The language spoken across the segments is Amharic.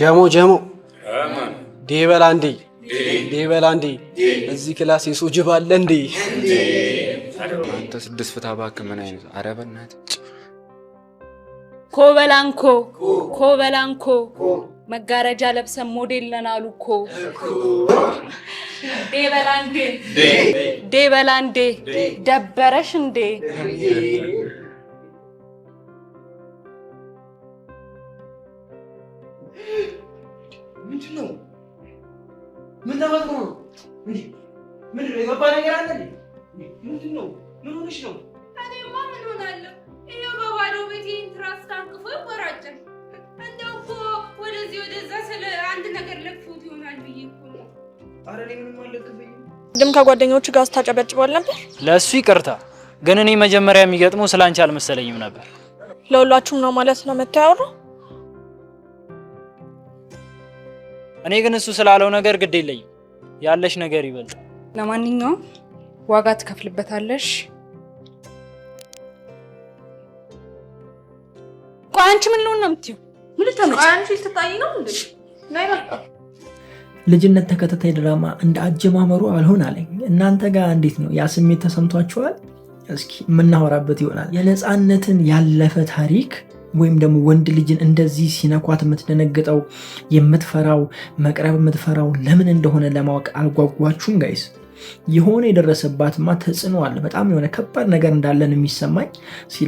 ጀሞ ጀሞ ዴበላ እንዴ ዴበላ እንዴ እዚህ ክላስ የሰው ጅብ አለ እንዴ? አንተ ስድስት ፍታ እባክህ። ምን አይነት ኧረ በእናትህ ኮበላንኮ ኮበላንኮ መጋረጃ ለብሰን ሞዴል ነን አሉ እኮ ዴበላንዴ እንዴ ደበረሽ እንዴ ምንድን ነው? ምን ተፈጥሮ ነው? ምን ነው? የገባ ነገር አለ? ምንድን ነው? ምን ሆነሽ ነው? እኔማ ምን ሆናለሁ? ይኸው በባዶ ቤቴን ትራስ ታቅፎ ይወራጫል። እንደው እኮ ወደዚህ ወደዛ ስለ አንድ ነገር ለክፉት ይሆናል ብዬ እኮ ነው። ኧረ እኔ ምንም አልለክብኝም። ቅድም ከጓደኞቹ ጋር ስታጨበጭበል ነበር። ለእሱ ይቅርታ፣ ግን እኔ መጀመሪያ የሚገጥመው ስለ አንቺ አልመሰለኝም ነበር። ለሁላችሁም ነው ማለት ነው የምታወራው እኔ ግን እሱ ስላለው ነገር ግድ የለኝም። ያለሽ ነገር ይበልጥ። ለማንኛውም ዋጋ ትከፍልበታለሽ። ቆይ አንቺ ምን ልሆን ነው የምትይው? ምን ልትታይ ነው? ልጅነት ተከታታይ ድራማ እንደ አጀማመሩ አልሆን አለኝ። እናንተ ጋር እንዴት ነው ያ ስሜት ተሰምቷችኋል? እስኪ የምናወራበት ይሆናል። የነፃነትን ያለፈ ታሪክ ወይም ደግሞ ወንድ ልጅን እንደዚህ ሲነኳት የምትደነግጠው የምትፈራው መቅረብ የምትፈራው ለምን እንደሆነ ለማወቅ አልጓጓችሁም ጋይስ? የሆነ የደረሰባትማ ተጽዕኖ አለ። በጣም የሆነ ከባድ ነገር እንዳለን የሚሰማኝ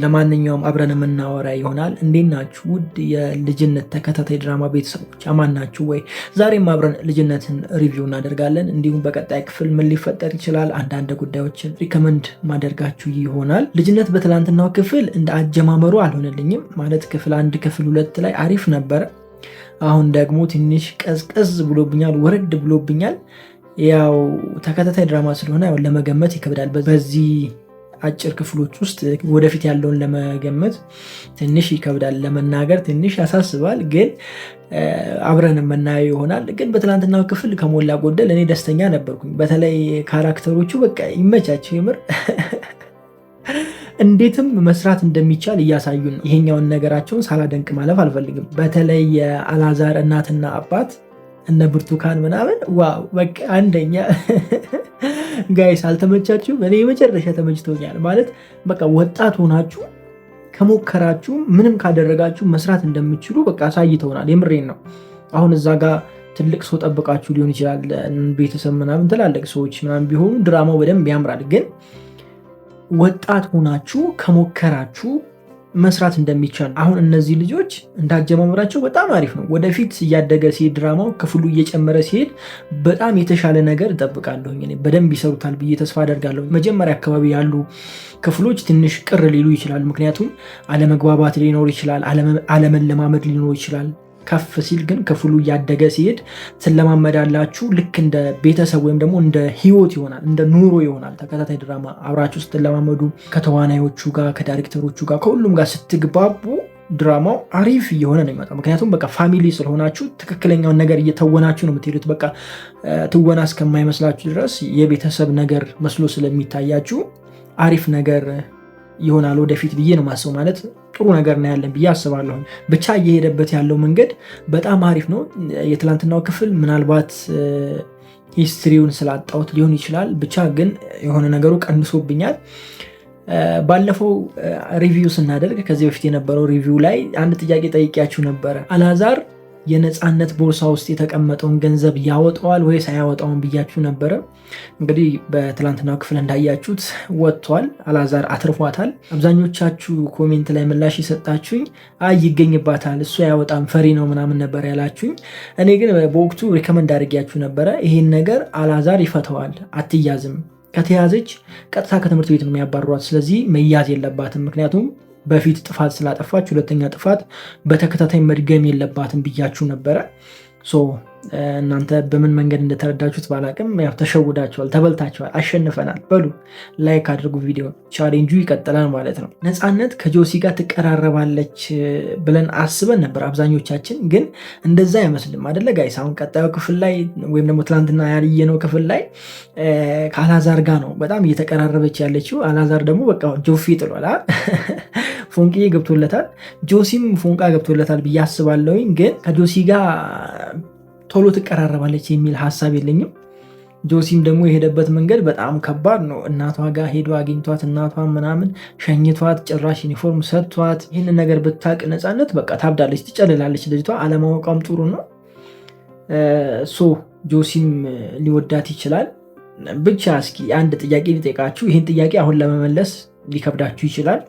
ለማንኛውም አብረን የምናወራ ይሆናል። እንዴት ናችሁ ውድ የልጅነት ተከታታይ ድራማ ቤተሰቦች አማን ናችሁ ወይ? ዛሬም አብረን ልጅነትን ሪቪው እናደርጋለን። እንዲሁም በቀጣይ ክፍል ምን ሊፈጠር ይችላል አንዳንድ ጉዳዮችን ሪከመንድ ማደርጋችሁ ይሆናል። ልጅነት በትናንትናው ክፍል እንደ አጀማመሩ አልሆነልኝም። ማለት ክፍል አንድ ክፍል ሁለት ላይ አሪፍ ነበረ። አሁን ደግሞ ትንሽ ቀዝቀዝ ብሎብኛል፣ ወረድ ብሎብኛል። ያው ተከታታይ ድራማ ስለሆነ ያው ለመገመት ይከብዳል። በዚህ አጭር ክፍሎች ውስጥ ወደፊት ያለውን ለመገመት ትንሽ ይከብዳል፣ ለመናገር ትንሽ ያሳስባል። ግን አብረን የምናየው ይሆናል። ግን በትናንትናው ክፍል ከሞላ ጎደል እኔ ደስተኛ ነበርኩኝ። በተለይ ካራክተሮቹ በቃ ይመቻቸው ይምር እንዴትም መስራት እንደሚቻል እያሳዩን ይሄኛውን ነገራቸውን ሳላደንቅ ማለፍ አልፈልግም። በተለይ የአላዛር እናትና አባት እነ ብርቱካን ምናምን ዋው በቃ አንደኛ ጋይስ አልተመቻችሁም? እኔ የመጨረሻ ተመችቶኛል። ማለት በቃ ወጣት ሆናችሁ ከሞከራችሁ ምንም ካደረጋችሁ መስራት እንደምችሉ በቃ አሳይተውናል። የምሬን ነው። አሁን እዛ ጋር ትልቅ ሰው ጠብቃችሁ ሊሆን ይችላል፣ ቤተሰብ ምናምን፣ ትላልቅ ሰዎች ምናምን ቢሆኑ ድራማው በደንብ ያምራል። ግን ወጣት ሆናችሁ ከሞከራችሁ መስራት እንደሚቻል አሁን እነዚህ ልጆች እንዳጀማመራቸው በጣም አሪፍ ነው። ወደፊት እያደገ ሲሄድ ድራማው ክፍሉ እየጨመረ ሲሄድ በጣም የተሻለ ነገር እጠብቃለሁ። በደንብ ይሰሩታል ብዬ ተስፋ አደርጋለሁ። መጀመሪያ አካባቢ ያሉ ክፍሎች ትንሽ ቅር ሊሉ ይችላል። ምክንያቱም አለመግባባት ሊኖር ይችላል፣ አለመለማመድ ሊኖር ይችላል። ከፍ ሲል ግን ክፍሉ እያደገ ሲሄድ ትለማመዳላችሁ። ልክ እንደ ቤተሰብ ወይም ደግሞ እንደ ህይወት ይሆናል፣ እንደ ኑሮ ይሆናል። ተከታታይ ድራማ አብራችሁ ስትለማመዱ ከተዋናዮቹ ጋር፣ ከዳይሬክተሮቹ ጋር፣ ከሁሉም ጋር ስትግባቡ ድራማው አሪፍ እየሆነ ነው የሚመጣው። ምክንያቱም በቃ ፋሚሊ ስለሆናችሁ ትክክለኛውን ነገር እየተወናችሁ ነው የምትሄዱት። በቃ ትወና እስከማይመስላችሁ ድረስ የቤተሰብ ነገር መስሎ ስለሚታያችሁ አሪፍ ነገር ይሆናል ወደፊት ብዬ ነው ማሰብ ማለት ጥሩ ነገር እናያለን ብዬ አስባለሁ። ብቻ እየሄደበት ያለው መንገድ በጣም አሪፍ ነው። የትላንትናው ክፍል ምናልባት ሂስትሪውን ስላጣሁት ሊሆን ይችላል። ብቻ ግን የሆነ ነገሩ ቀንሶብኛል። ባለፈው ሪቪው ስናደርግ ከዚህ በፊት የነበረው ሪቪው ላይ አንድ ጥያቄ ጠይቄያችሁ ነበረ አላዛር የነፃነት ቦርሳ ውስጥ የተቀመጠውን ገንዘብ ያወጣዋል ወይስ አያወጣውን ብያችሁ ነበረ። እንግዲህ በትላንትናው ክፍል እንዳያችሁት ወጥቷል። አላዛር አትርፏታል። አብዛኞቻችሁ ኮሜንት ላይ ምላሽ የሰጣችሁኝ አይ ይገኝባታል፣ እሱ አያወጣም፣ ፈሪ ነው ምናምን ነበር ያላችሁኝ። እኔ ግን በወቅቱ ሪከመንድ አድርጊያችሁ ነበረ ይሄን ነገር አላዛር ይፈተዋል፣ አትያዝም ከተያዘች ቀጥታ ከትምህርት ቤት ነው የሚያባሯት። ስለዚህ መያዝ የለባትም ምክንያቱም በፊት ጥፋት ስላጠፋች ሁለተኛ ጥፋት በተከታታይ መድገም የለባትም ብያችሁ ነበረ። እናንተ በምን መንገድ እንደተረዳችሁት ባላቅም ያው ተሸውዳችኋል፣ ተበልታችኋል፣ አሸንፈናል በሉ ላይክ አድርጉ ቪዲዮ። ቻሌንጁ ይቀጥላል ማለት ነው። ነፃነት ከጆሲ ጋር ትቀራረባለች ብለን አስበን ነበር አብዛኞቻችን፣ ግን እንደዛ አይመስልም አደለ ጋይስ? አሁን ቀጣዩ ክፍል ላይ ወይም ደግሞ ትናንትና ያየነው ክፍል ላይ ከአላዛር ጋር ነው በጣም እየተቀራረበች ያለችው። አላዛር ደግሞ በቃ ጆፊ ጥሏል፣ ፎንቂ ገብቶለታል፣ ጆሲም ፎንቃ ገብቶለታል ብዬ አስባለሁኝ ግን ከጆሲ ጋር ቶሎ ትቀራረባለች የሚል ሀሳብ የለኝም። ጆሲም ደግሞ የሄደበት መንገድ በጣም ከባድ ነው። እናቷ ጋር ሄዶ አግኝቷት እናቷ ምናምን ሸኝቷት ጭራሽ ዩኒፎርም ሰጥቷት ይህንን ነገር ብታቅ ነፃነት በቃ ታብዳለች፣ ትጨልላለች። ልጅቷ አለማወቋም ጥሩ ነው። ሶ ጆሲም ሊወዳት ይችላል። ብቻ እስኪ አንድ ጥያቄ ሊጠይቃችሁ፣ ይህን ጥያቄ አሁን ለመመለስ ሊከብዳችሁ ይችላል።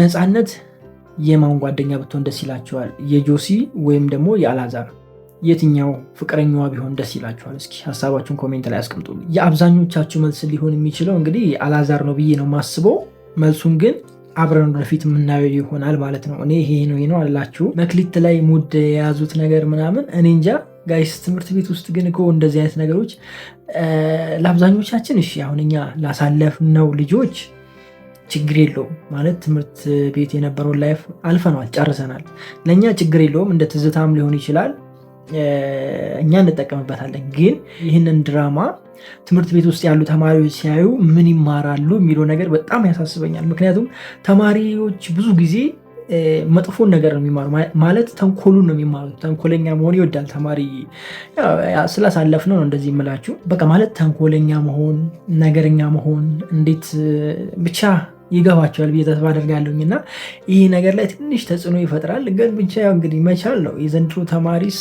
ነፃነት የማን ጓደኛ ብትሆን ደስ ይላችኋል? የጆሲ ወይም ደግሞ የአላዛር? የትኛው ፍቅረኛዋ ቢሆን ደስ ይላችኋል? እስኪ ሀሳባችሁን ኮሜንት ላይ አስቀምጡልኝ። የአብዛኞቻችሁ መልስ ሊሆን የሚችለው እንግዲህ አላዛር ነው ብዬ ነው ማስበው። መልሱን ግን አብረን ወደፊት የምናየው ይሆናል ማለት ነው። እኔ ይሄ ነው ነው አላችሁ። መክሊት ላይ ሙድ የያዙት ነገር ምናምን እኔ እንጃ ጋይስ። ትምህርት ቤት ውስጥ ግን እኮ እንደዚህ አይነት ነገሮች ለአብዛኞቻችን እሺ፣ አሁን እኛ ላሳለፍነው ልጆች ችግር የለውም ማለት ትምህርት ቤት የነበረውን ላይፍ አልፈነዋል፣ ጨርሰናል። ለእኛ ችግር የለውም እንደ ትዝታም ሊሆን ይችላል እኛ እንጠቀምበታለን። ግን ይህንን ድራማ ትምህርት ቤት ውስጥ ያሉ ተማሪዎች ሲያዩ ምን ይማራሉ የሚለው ነገር በጣም ያሳስበኛል። ምክንያቱም ተማሪዎች ብዙ ጊዜ መጥፎን ነገር ነው የሚማሩ፣ ማለት ተንኮሉ ነው የሚማሩ። ተንኮለኛ መሆን ይወዳል ተማሪ። ስላሳለፍ ነው እንደዚህ የምላችሁ በቃ ማለት ተንኮለኛ መሆን፣ ነገረኛ መሆን እንዴት ብቻ ይገባቸዋል ብዬ ተስፋ አደርጋለሁኝ እና ይህ ነገር ላይ ትንሽ ተጽዕኖ ይፈጥራል። ግን ብቻ ያው እንግዲህ መቻል ነው የዘንድሮ ተማሪስ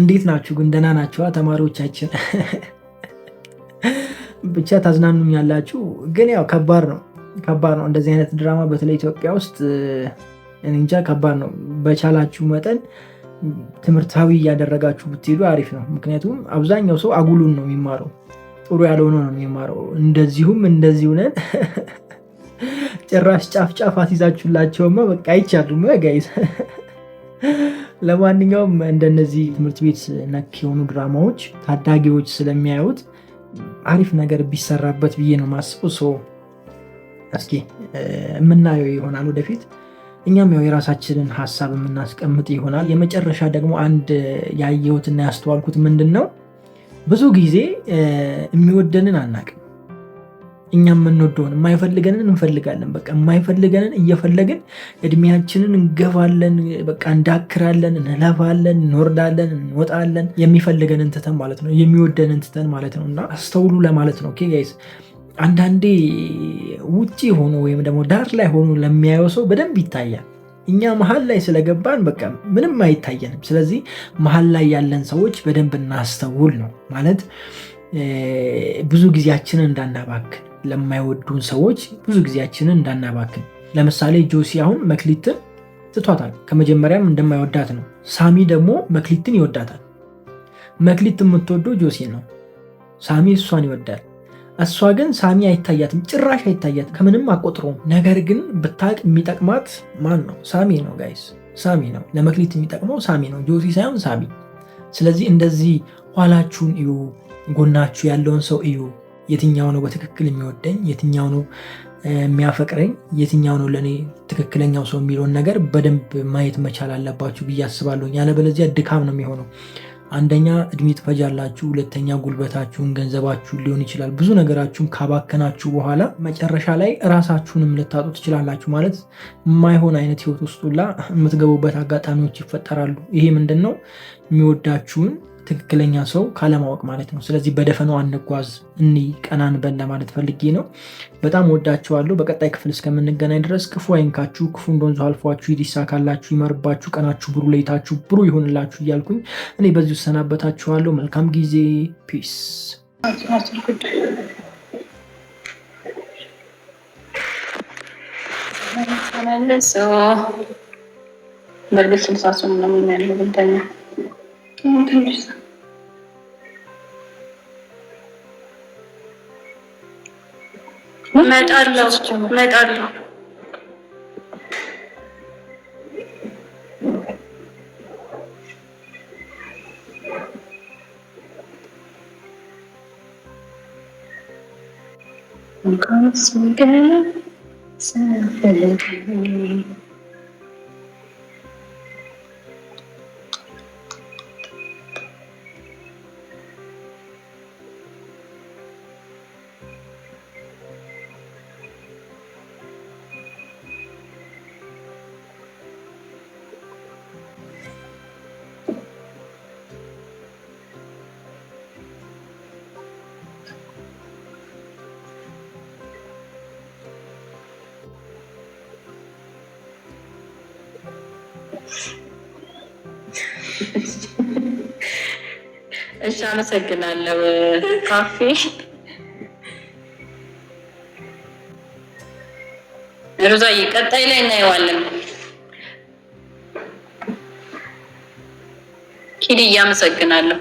እንዴት ናችሁ ግን? ደህና ናችኋ? ተማሪዎቻችን ብቻ ታዝናኑኝ ያላችሁ ግን ያው ከባድ ነው፣ ከባድ ነው እንደዚህ አይነት ድራማ በተለይ ኢትዮጵያ ውስጥ እንጃ ከባድ ነው። በቻላችሁ መጠን ትምህርታዊ እያደረጋችሁ ብትሄዱ አሪፍ ነው። ምክንያቱም አብዛኛው ሰው አጉሉን ነው የሚማረው፣ ጥሩ ያልሆነ ነው የሚማረው። እንደዚሁም እንደዚሁ ነን ጭራሽ ጫፍ ጫፍ አስይዛችሁላቸውማ በቃ አይቻሉም ጋይዝ ለማንኛውም እንደነዚህ ትምህርት ቤት ነክ የሆኑ ድራማዎች ታዳጊዎች ስለሚያዩት አሪፍ ነገር ቢሰራበት ብዬ ነው ማስበው። ሰው እስኪ የምናየው ይሆናል ወደፊት እኛም ያው የራሳችንን ሀሳብ የምናስቀምጥ ይሆናል። የመጨረሻ ደግሞ አንድ ያየሁትና ያስተዋልኩት ምንድን ነው፣ ብዙ ጊዜ የሚወደንን አናቅም። እኛ የምንወደውን የማይፈልገንን እንፈልጋለን። በቃ የማይፈልገንን እየፈለግን እድሜያችንን እንገፋለን፣ በቃ እንዳክራለን፣ እንለፋለን፣ እንወርዳለን፣ እንወጣለን። የሚፈልገንን ትተን ማለት ነው፣ የሚወደንን ትተን ማለት ነው። እና አስተውሉ ለማለት ነው። ኦኬ ጋይስ አንዳንዴ ውጪ ሆኖ ወይም ደግሞ ዳር ላይ ሆኖ ለሚያየው ሰው በደንብ ይታያል። እኛ መሀል ላይ ስለገባን በቃ ምንም አይታየንም። ስለዚህ መሀል ላይ ያለን ሰዎች በደንብ እናስተውል ነው ማለት ብዙ ጊዜያችንን እንዳናባክን ለማይወዱን ሰዎች ብዙ ጊዜያችንን እንዳናባክን። ለምሳሌ ጆሲ አሁን መክሊትን ትቷታል። ከመጀመሪያም እንደማይወዳት ነው። ሳሚ ደግሞ መክሊትን ይወዳታል። መክሊት የምትወደው ጆሲን ነው። ሳሚ እሷን ይወዳል። እሷ ግን ሳሚ አይታያትም፣ ጭራሽ አይታያትም፣ ከምንም አቆጥሮም። ነገር ግን ብታቅ የሚጠቅማት ማን ነው? ሳሚ ነው ጋይስ፣ ሳሚ ነው። ለመክሊት የሚጠቅመው ሳሚ ነው፣ ጆሲ ሳይሆን ሳሚ። ስለዚህ እንደዚህ ኋላችሁን እዩ፣ ጎናችሁ ያለውን ሰው እዩ። የትኛው ነው በትክክል የሚወደኝ፣ የትኛው ነው የሚያፈቅረኝ፣ የትኛው ነው ለእኔ ትክክለኛው ሰው የሚለውን ነገር በደንብ ማየት መቻል አለባችሁ ብዬ አስባለሁ። ያለበለዚያ ድካም ነው የሚሆነው። አንደኛ እድሜ ትፈጃላችሁ፣ ሁለተኛ ጉልበታችሁን፣ ገንዘባችሁን ሊሆን ይችላል ብዙ ነገራችሁን ካባከናችሁ በኋላ መጨረሻ ላይ ራሳችሁንም ልታጡ ትችላላችሁ። ማለት የማይሆን አይነት ህይወት ውስጥ ሁላ የምትገቡበት አጋጣሚዎች ይፈጠራሉ። ይሄ ምንድን ነው የሚወዳችሁን ትክክለኛ ሰው ካለማወቅ ማለት ነው። ስለዚህ በደፈኑ አንጓዝ፣ እኒ ቀናን በን ለማለት ፈልጌ ነው። በጣም ወዳችኋለሁ። በቀጣይ ክፍል እስከምንገናኝ ድረስ ክፉ አይንካችሁ፣ ክፉ እንደወንዙ አልፏችሁ አልፏችሁ፣ ካላችሁ ይመርባችሁ፣ ቀናችሁ ብሩ፣ ሌታችሁ ብሩ ይሆንላችሁ እያልኩኝ እኔ በዚሁ እሰናበታችኋለሁ። መልካም ጊዜ። ፒስ መልሶ በእርግጥ ነው የሚያለው እመጣለሁ እመጣለሁ። እሺ፣ አመሰግናለሁ። ካፌ ሮዛዬ፣ ቀጣይ ላይ እናየዋለን። ኪድ፣ እያመሰግናለሁ።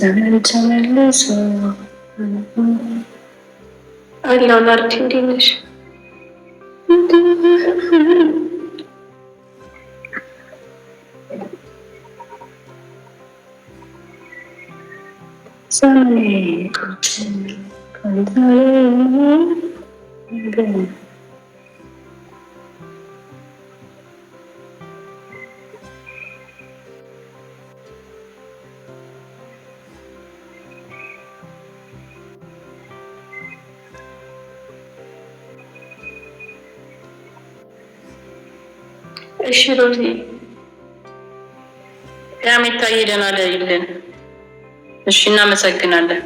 ዘመን ተመልሶ አላሁ ናርዲ እንዴት ነሽ? ዘመኔ እሺ ሮዚ ዳሜታ ይደና ለይልን። እሺ እናመሰግናለን።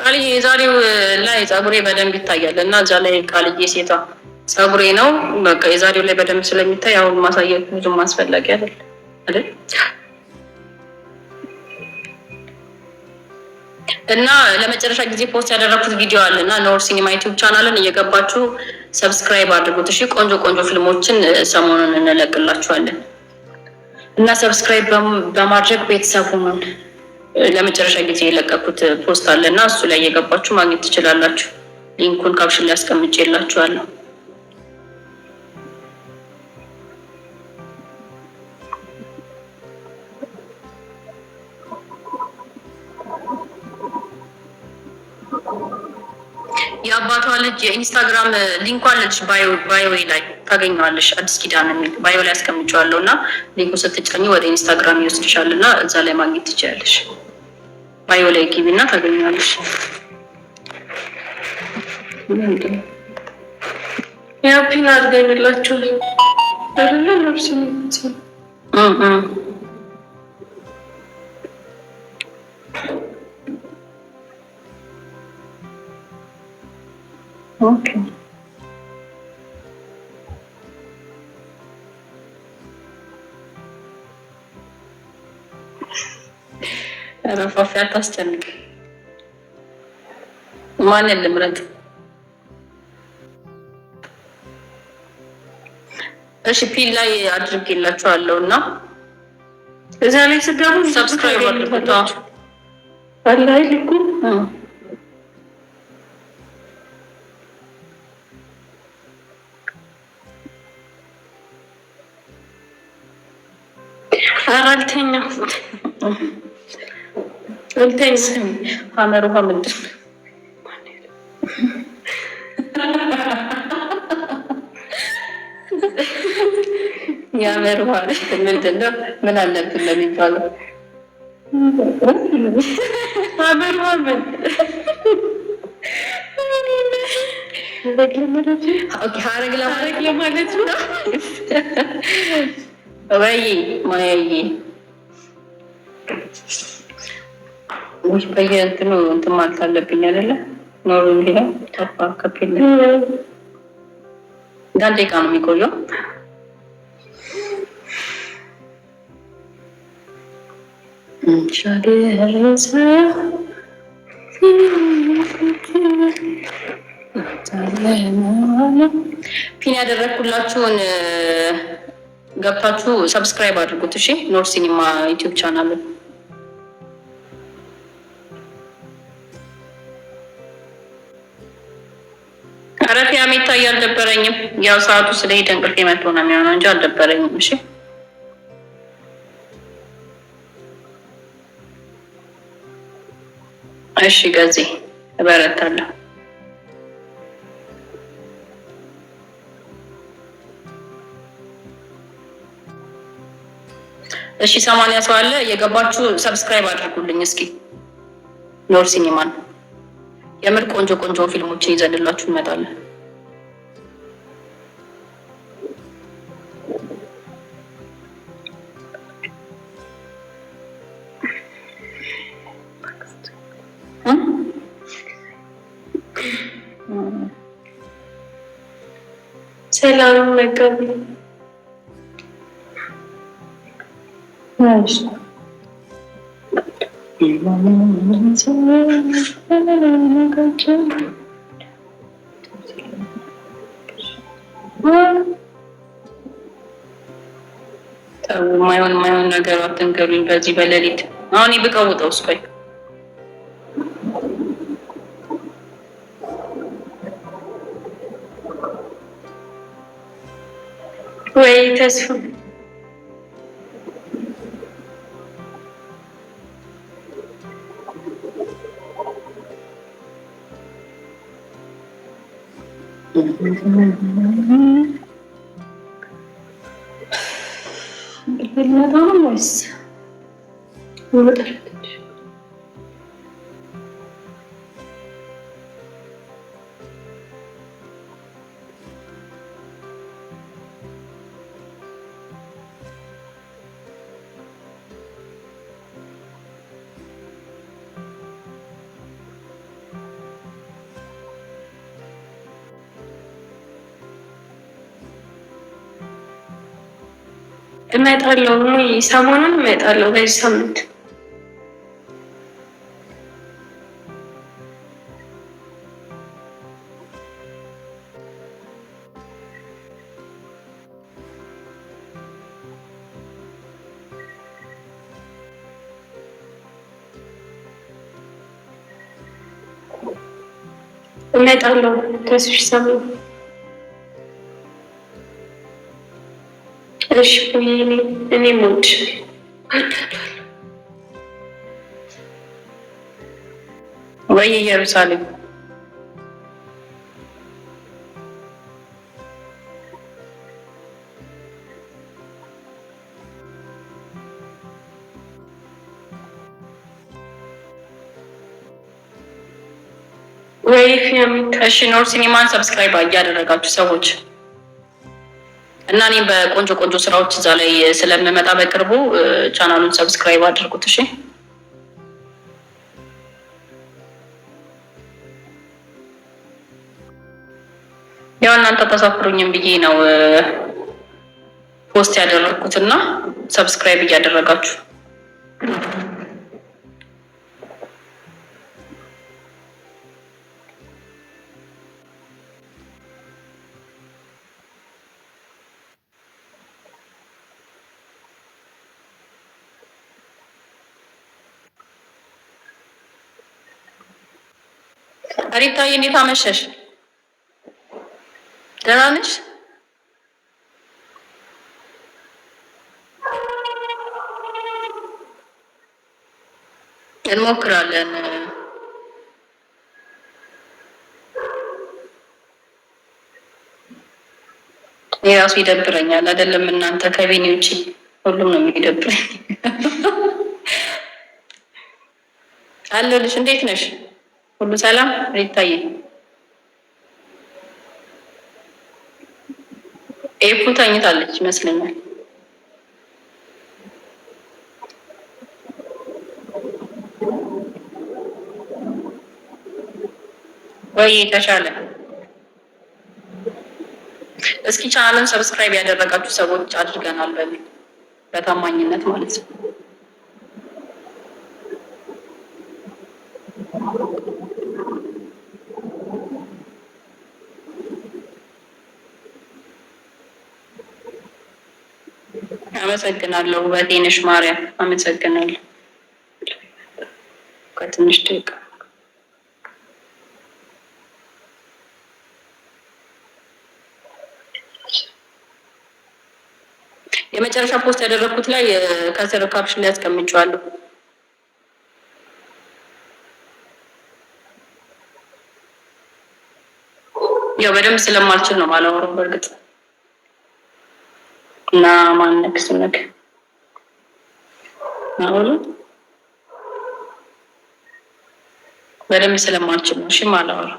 ቃልዬ የዛሬው ላይ ፀጉሬ በደንብ ይታያል እና እዛ ላይ ቃልዬ ሴቷ ፀጉሬ ነው በቃ የዛሬው ላይ በደንብ ስለሚታይ አሁን ማሳየት ብዙም አስፈላጊ አይደለም። እና ለመጨረሻ ጊዜ ፖስት ያደረኩት ቪዲዮ አለ እና ኖር ሲኒማ ዩቲዩብ ቻናልን እየገባችሁ ሰብስክራይብ አድርጉት። እሺ ቆንጆ ቆንጆ ፊልሞችን ሰሞኑን እንለቅላችኋለን እና ሰብስክራይብ በማድረግ ቤተሰብ ሁኑን። ለመጨረሻ ጊዜ የለቀኩት ፖስት አለ እና እሱ ላይ እየገባችሁ ማግኘት ትችላላችሁ። ሊንኩን ካፕሽን ላይ አስቀምጬላችኋለሁ። የአባቷ ልጅ የኢንስታግራም ሊንኳ ልጅ ባዮ ላይ ታገኘዋለሽ። አዲስ ኪዳን የሚል ባዮ ላይ አስቀምጨዋለሁ እና ሊንኩ ስትጫኝ ወደ ኢንስታግራም ይወስድሻል እና እዛ ላይ ማግኘት ትችላለሽ። ባዮ ላይ ጊቢ እና ታገኘዋለሽ። ያፒን አድርገኝላችሁ ለብስ ኦኬ ረፋፊ አታስጨንቅ። ማንን ልምረጥ? እሺ ላይ አድርጌላችኋለሁ እና እዚያ ላይ ስገቡ ሰብስክራይብ አድርጉ። አልተኛ አልተኛ ሀመር ውሃ ምንድን የሀመር ውሃ ምንድን ነው? ምን አለብን ለሚባለው ሀመር ውሃ ምን ሀረግ ለማለት ነው ወይ ማያዬ ሰዎች በየእንትኑ እንትን ማለት አለብኝ አይደለ? ኖሩ ሊሆ ደቂቃ ነው የሚቆየው። ፒን ያደረግኩላችሁን ገብታችሁ ሰብስክራይብ አድርጉት። እሺ ኖር ሲኒማ ዩቲዩብ አረፊ አሜታይ አልደበረኝም። ያው ሰዓቱ ስለሄደ እንቅልፍ መቶ ነው የሚሆነው እንጂ አልደበረኝም። እሺ እሺ፣ ገዚ እበረታለሁ። እሺ፣ ሰማንያ ሰው አለ። የገባችሁ ሰብስክራይብ አድርጉልኝ እስኪ ኖር ሲኒማ የምር ቆንጆ ቆንጆ ፊልሞችን ይዘንላችሁ እንመጣለን። ሰላም መጋቢ ማይሆን ማይሆን ነገር አትንገሩኝ። በዚህ በሌሊት አሁን ብቀውጠው እስቆይ ወይ ተስፋ ትመጣለች። እመጣለሁ። ሰሞኑን እመጣለሁ በዚህ ሳምንት እመጣለሁ ተስሽ ሰሞን እሺ። እኔ ሞድ ወይ ኢየሩሳሌም እሺ ኖር ሲኒማን ሰብስክራይብ እያደረጋችሁ ሰዎች እና እኔ በቆንጆ ቆንጆ ስራዎች እዛ ላይ ስለምመጣ በቅርቡ ቻናሉን ሰብስክራይብ አድርጉት። እሺ ያው እናንተ ተሳፍሩኝም ብዬ ነው ፖስት ያደረግኩትና ሰብስክራይብ እያደረጋችሁ ሪታዬ እንዴት አመሸሽ? ደህና ነሽ? እንሞክራለን። የራሱ ይደብረኛል። አይደለም እናንተ ከቤኔ ውጭ ሁሉም ነው የሚደብረኝ። አለሁልሽ። እንዴት ነሽ? ሁሉ ሰላም ይታየ ኤፉ ተኝታለች ይመስለኛል። ወይ ተሻለ እስኪ ቻናሉን ሰብስክራይብ ያደረጋችሁ ሰዎች አድርገናል በሚል በታማኝነት ማለት ነው። አመሰግናለሁ። ውበቴ ነሽ ማርያም። አመሰግናለሁ። ከትንሽ ደቂቃ የመጨረሻ ፖስት ያደረኩት ላይ ከስር ካፕሽን ላይ አስቀምጫለሁ። ያው በደንብ ስለማልችል ነው ነው። በእርግጥ na maanne kısımdaki. Ne oldu? በደንብ ስለማልችል ነው። እሺ ማለት ነው።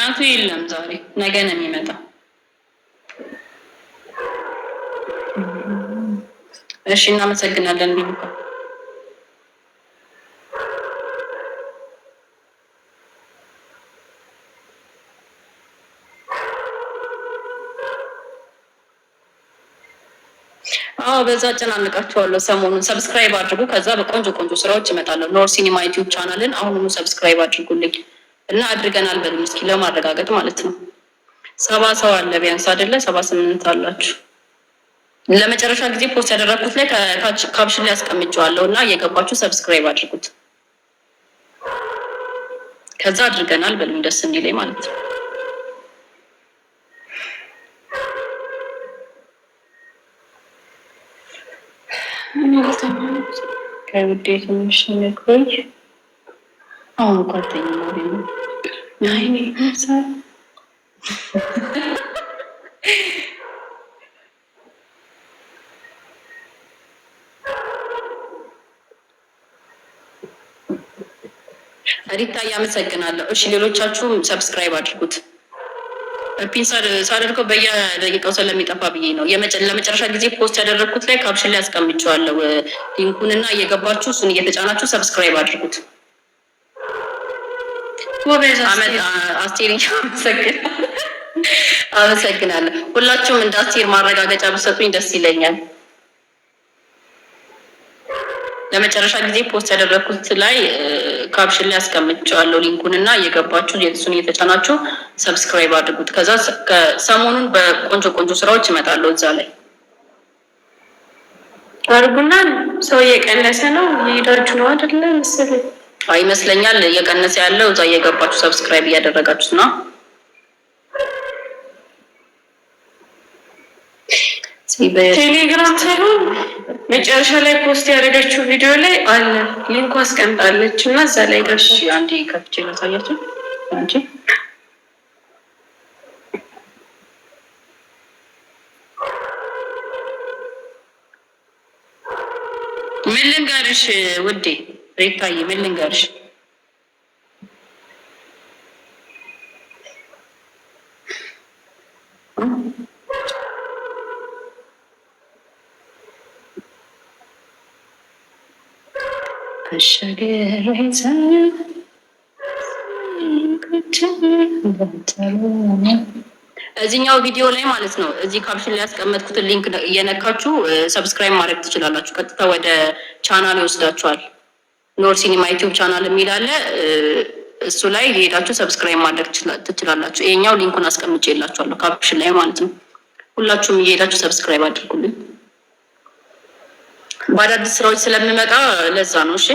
እናቱ የለም ዛሬ፣ ነገ ነው የሚመጣው። እሺ እናመሰግናለን። ቢሉካ አዎ በዛ አጨናንቃችኋለሁ። ሰሞኑን ሰብስክራይብ አድርጉ። ከዛ በቆንጆ ቆንጆ ስራዎች ይመጣለሁ። ኖር ሲኒማ ዩቲዩብ ቻናልን አሁኑኑ ሰብስክራይብ አድርጉልኝ። እና አድርገናል በሉኝ እስኪ ለማረጋገጥ ማለት ነው። ሰባ ሰው አለ ቢያንስ አይደለ? ሰባ ስምንት አላችሁ። ለመጨረሻ ጊዜ ፖስት ያደረግኩት ላይ ካፕሽን ላይ አስቀምጨዋለሁ እና እየገባችሁ ሰብስክራይብ አድርጉት። ከዛ አድርገናል በሉኝ ደስ እንዲለኝ ማለት ነው። ከውዴ ትንሽ ንቆይ አሁን ጓደኝ ሪታ እያመሰግናለሁ። እሺ ሌሎቻችሁም ሰብስክራይብ አድርጉት። ፒን ሳደርገው በየደቂቃው ስለሚጠፋ ብዬ ነው። ለመጨረሻ ጊዜ ፖስት ያደረግኩት ላይ ካፕሽን ላይ አስቀምጨዋለሁ ሊንኩን እና እየገባችሁ እሱን እየተጫናችሁ ሰብስክራይብ አድርጉት። አመሰግናለሁ። ሁላችሁም እንደ አስቴር ማረጋገጫ ብሰጡኝ ደስ ይለኛል። ለመጨረሻ ጊዜ ፖስት ያደረኩት ላይ ካፕሽን ላይ አስቀምጫለሁ ሊንኩን እና እየገባችሁ የሱን እየተጫናችሁ ሰብስክራይብ አድርጉት። ከዛ ሰሞኑን በቆንጆ ቆንጆ ስራዎች እመጣለሁ እዛ ላይ አርጉና ሰው እየቀነሰ ነው። ይሄዳችሁ ነው አይደለ መሰለኝ ይመስለኛል እየቀነሰ ያለው እዛ እየገባችሁ ሰብስክራይብ እያደረጋችሁት ነው። ቴሌግራም ሳይሆን መጨረሻ ላይ ፖስት ያደረገችው ቪዲዮ ላይ አለ ሊንኩ አስቀምጣለች እና እዛ ላይ ጋር አንዴ ከፍቼ ላሳያችሁ እንጂ ምን ልንገርሽ ውዴ ሬታዬ ምን ልንገርሽ፣ እዚህኛው ቪዲዮ ላይ ማለት ነው። እዚህ ካፕሽን ላይ ያስቀመጥኩትን ሊንክ እየነካችሁ ሰብስክራይብ uh, ማድረግ ትችላላችሁ። ቀጥታ ወደ ቻናል ይወስዳችኋል። ኖር ሲኒማ ዩቲዩብ ቻናል የሚል አለ። እሱ ላይ ሄዳችሁ ሰብስክራይብ ማድረግ ትችላላችሁ። ይሄኛው ሊንኩን አስቀምጬ የላችኋለሁ ካፕሽን ላይ ማለት ነው። ሁላችሁም እየሄዳችሁ ሰብስክራይብ አድርጉልኝ። በአዳዲስ ስራዎች ስለምመጣ ለዛ ነው። እሺ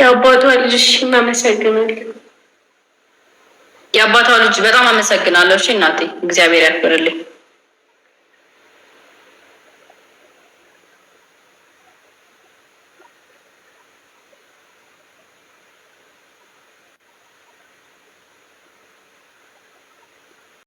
የአባቷ ልጅ እናመሰግናለን። የአባቷ ልጅ በጣም አመሰግናለሁ። እሺ እናቴ እግዚአብሔር ያክብርልኝ።